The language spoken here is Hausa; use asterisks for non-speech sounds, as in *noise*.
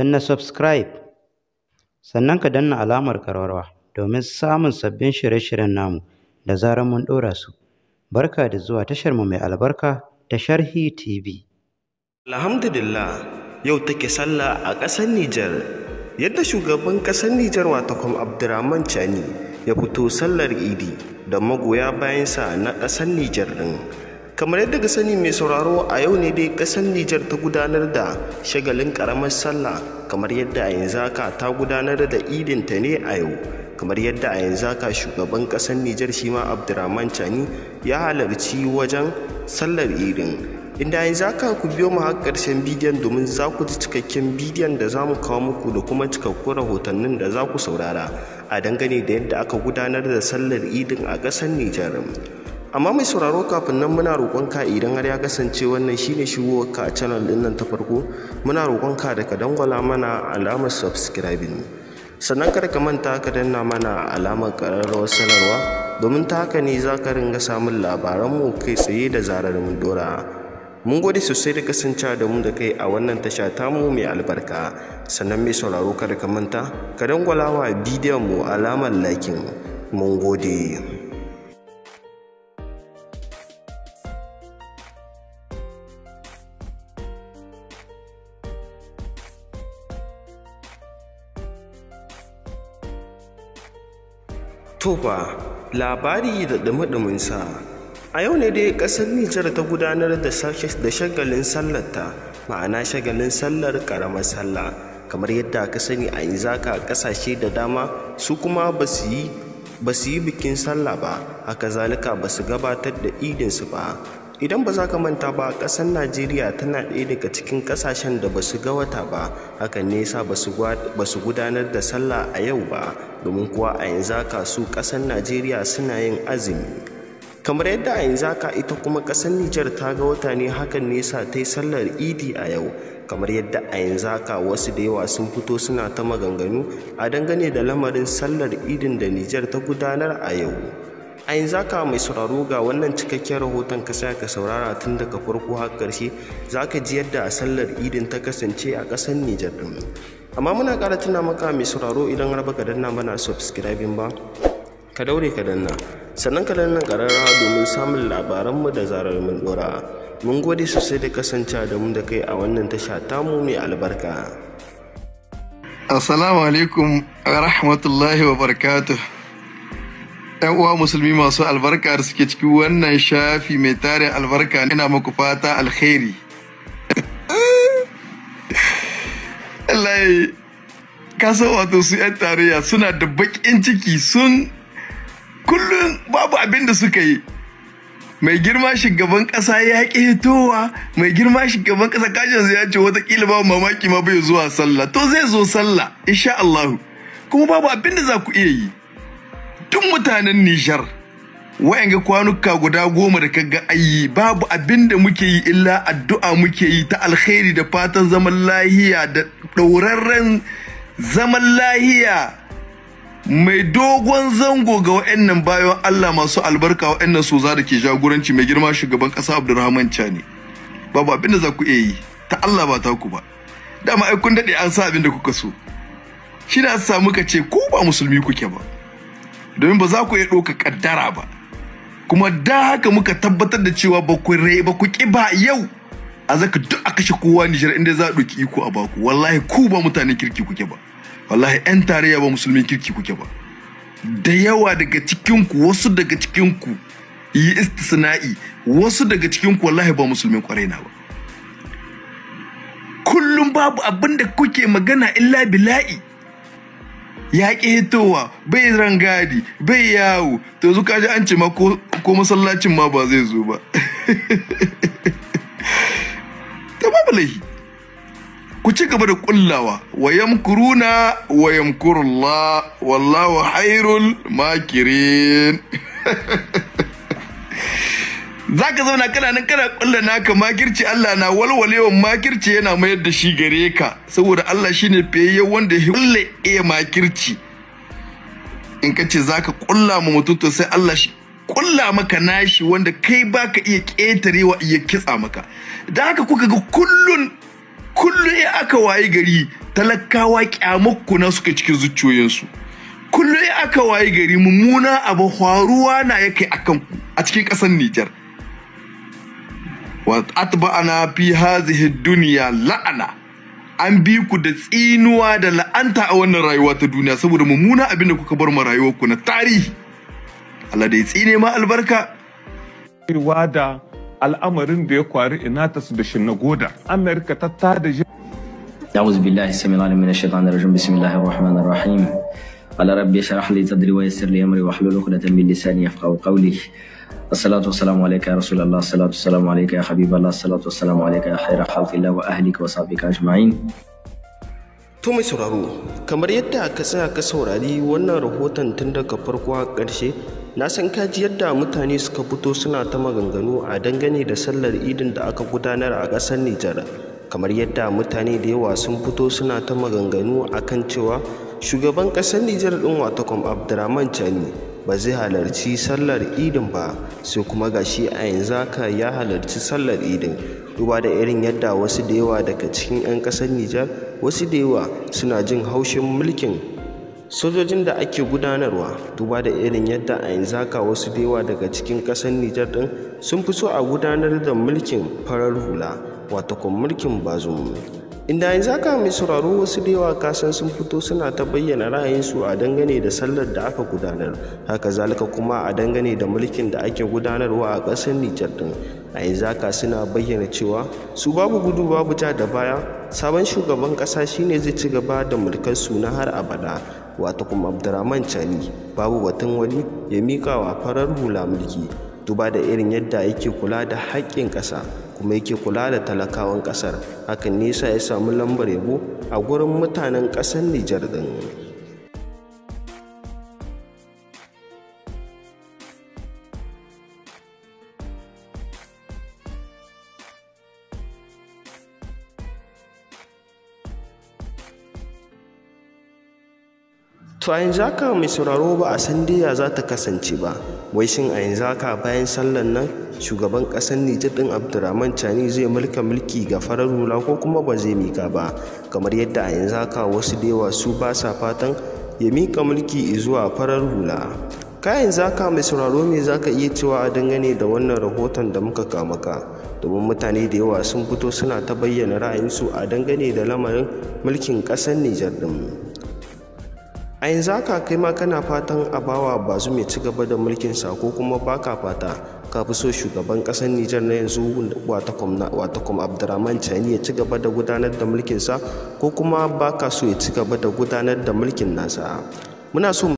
na subscribe sannan ka danna alamar karwarwa domin samun sabbin shirye-shiryen namu da zarar mun ɗora su barka da zuwa tashar mu mai albarka ta sharhi tv alhamdulillah yau take sallah a ƙasar nijar yadda shugaban ƙasar nijar watakwam abdurrahman chani ya fito sallar idi da magoya bayansa na ƙasar nijar ɗin kamar yadda ga sani mai sauraro a yau ne dai kasar Nijar ta gudanar da shagalin karamar sallah kamar yadda a yanzu haka ta gudanar da idinta ne a yau kamar yadda a yanzu haka shugaban kasar Nijar shi ma Abdurrahman Chani ya halarci wajen sallar idin inda yanzu haka ku biyo mu har karshen bidiyon domin za ku ji cikakken bidiyon da za mu kawo muku da kuma cikakkun rahotannin da za ku saurara a dangane da yadda aka gudanar da sallar idin a ƙasar Nijar. amma mai sauraro kafin nan muna roƙonka idan har ya kasance wannan shine shigowarka a channel din nan ta farko muna roƙonka da ka dangwala mana alamar subscribing sannan kada ka manta ka danna mana alamar ƙararrawar sanarwa domin ta haka ne za ka ringa samun labaranmu kai tsaye da zarar mun dora mun gode sosai da kasance da mu da kai a wannan tasha mu mai albarka sannan mai sauraro kada ka manta ka dangwala wa bidiyon mu alamar lakin mun gode Tofa labari da ɗumi sa a yau ne dai ƙasar Nijar ta gudanar da shagalin sallarta ma'ana shagalin sallar ƙaramar sallah kamar yadda ka sani a yanzu haka ƙasashe da dama su kuma ba su yi bikin sallah ba haka zalika ba su gabatar da idinsu ba idan ba za ka manta ba ƙasar najeriya tana ɗaya daga cikin ƙasashen da ba su ga wata ba hakan nesa yasa ba su gudanar da sallah a yau ba domin kuwa a yanzu ka su ƙasar najeriya suna yin azumi kamar yadda a yanzu ka ita kuma ƙasar nijar ta ga wata ne hakan nesa ta yi sallar idi a yau kamar yadda a yanzu haka wasu da yawa sun fito suna ta maganganu a dangane da lamarin sallar idin da nijar ta gudanar a yau a yanzu ka mai sauraro ga wannan cikakken rahoton ka ka saurara tun daga farko har ƙarshe za ka ji yadda a sallar idin ta kasance a ƙasar nijar ɗin amma muna ƙara tuna maka mai sauraro idan har baka danna mana subscribing ba ka daure ka danna sannan ka danna ƙararrawa domin samun labaranmu da zarar mun ɗora mun gode sosai da kasance da mu da kai a wannan tasha tamu mai albarka assalamu alaikum wa rahmatullahi wa barakatuh 'yan uwa musulmi masu albarka da suke cikin wannan shafi mai tarin albarka ina muku fata alkhairi Allah san wato su 'yan tarayya suna da baƙin ciki sun kullum babu abin da suka yi mai girma shugaban ƙasa ya ƙi hitowa mai girma shugaban ƙasa kashin ya ce watakila babu mamaki ma bai zuwa sallah to zai zo sallah insha Allah kuma babu abin da za ku iya yi Tun mutanen Nijar wa'yanga kwanuka guda goma da kaga ayi babu abin da muke yi illa addu'a muke yi ta alkhairi da fatan zaman lahiya da ɗaurarren zaman lahiya mai dogon zango ga wa'annan bayan Allah masu albarka wa'annan soza da ke jagoranci mai girma shugaban ƙasa Abdulrahman Chani babu abin da za ku iya yi ta Allah ba ta ku ba dama ai daɗe an sa abin da kuka so shi na samu ka ce ko ba musulmi kuke ba domin ba za ku iya ɗauka kaddara ba kuma da haka muka tabbatar da cewa ba ku rai ba ku ƙi ba yau a zaka duk a kashe kowa Nijar inda za a ɗauki iko a baku wallahi ku ba mutanen kirki kuke ba wallahi 'yan tarayya ba musulmin kirki kuke ba da yawa daga cikinku wasu daga cikinku yi istisna'i wasu daga cikinku wallahi ba musulmin kwarai na ba kullum babu abin da kuke magana illa bila'i ya ƙi hitowa bai rangadi bai yawo to yanzu kaji an ce ko masallacin ma ba zai zo ba *laughs* ta ku ci gaba da kullawa wa yamkuruna wa yamkurullah wallahu hairul makirin *laughs* Za ka zauna kana nan kana kulla naka makirci Allah na walwalewan makirci yana mayar da shi gare ka saboda Allah shine fiyayye wanda ya kulle iya makirci in ka ce za ka kulla mu mutum to sai Allah shi kulla maka nashi wanda kai baka iya ƙetarewa iya kitsa maka da haka kuka ga kullun kullun ya aka waye gari talakawa kyamukku na suka cikin zuciyoyinsu kullun ya aka waye gari mummuna abu faruwa na yake akan a cikin ƙasar Nijar wa atba'ana fi hazihi dunya la'ana an bi ku da tsinuwa da la'anta a wannan rayuwa ta duniya saboda mummuna abin da kuka bar ma rayuwar ku na tarihi Allah da ya tsine ma albarka da al'amarin da ya kwari su da shinagoda Amerika ta tada أعوذ بالله السميع العليم من الشيطان الرجيم بسم الله الرحمن الرحيم qala rabbi shrah li sadri wa yassir li amri wahlul 'uqdatan min lisani yafqahu qawli Assalatu wassalamu alayka ya Rasulullah, assalatu wassalamu alayka ya Habiballah, assalatu wassalamu alayka ya khaira khalqillah wa ahlika wa sahbika ajma'in. To mai sauraro, kamar yadda ka tsaya ka saurari wannan rahoton tun daga farko a ƙarshe, na san ka ji yadda mutane suka fito suna ta maganganu a dangane da sallar idin da aka gudanar a ƙasar Nijar. Kamar yadda mutane da yawa sun fito suna ta maganganu a kan cewa shugaban ƙasar nijar ɗin watakwam abdurrahman chani ba zai halarci sallar idin ba sai kuma gashi a yanzu haka ya halarci sallar idin duba da irin yadda wasu da yawa daga cikin 'yan ƙasar nijar wasu da yawa suna jin haushin mulkin sojojin da ake gudanarwa duba da irin yadda a yanzu haka wasu da yawa daga cikin ƙasar nijar ɗin sun fi so a gudanar da mulkin farar hula kwam mulkin bazumi inda yanzu mai sauraro wasu da yawa kasan sun fito suna ta bayyana ra'ayinsu a dangane da sallar da aka gudanar haka zalika kuma a dangane da mulkin da ake gudanarwa a ƙasar nijar din a yanzu suna bayyana cewa su babu gudu babu ja da baya sabon shugaban ƙasa shine zai ci gaba da mulkar su na har abada wato kuma abdurrahman chani babu batun wani ya miƙa wa farar hula mulki duba da irin yadda yake kula da haƙƙin ƙasa kuma yake kula da talakawan ƙasar hakan nisa ya samu lambar yabo a gurin mutanen ƙasar Nijar din. To a yanzu haka mai sauraro ba a san ya za ta kasance ba wai shin a yanzu haka bayan sallan nan shugaban ƙasar nijar din abdurrahman cani zai mulka mulki ga farar hula ko kuma ba zai mika ba kamar yadda a yanzu haka wasu da yawa su ba sa fatan ya mika mulki zuwa farar hula kayan zaka mai sauraro me zaka iya cewa a dangane da wannan rahoton da muka kama ka domin mutane da yawa sun fito suna ta bayyana ra'ayinsu a dangane da lamarin mulkin ƙasar nijar ɗin a yanzu haka kai ma kana fatan a bawa bazu mai ci gaba da sa, ko kuma baka fata ka fi so shugaban kasar nijar na yanzu kom abdurrahman chani ya ci gaba da gudanar da mulkin sa, ko kuma baka so ya ci gaba da gudanar da mulkin nasa muna so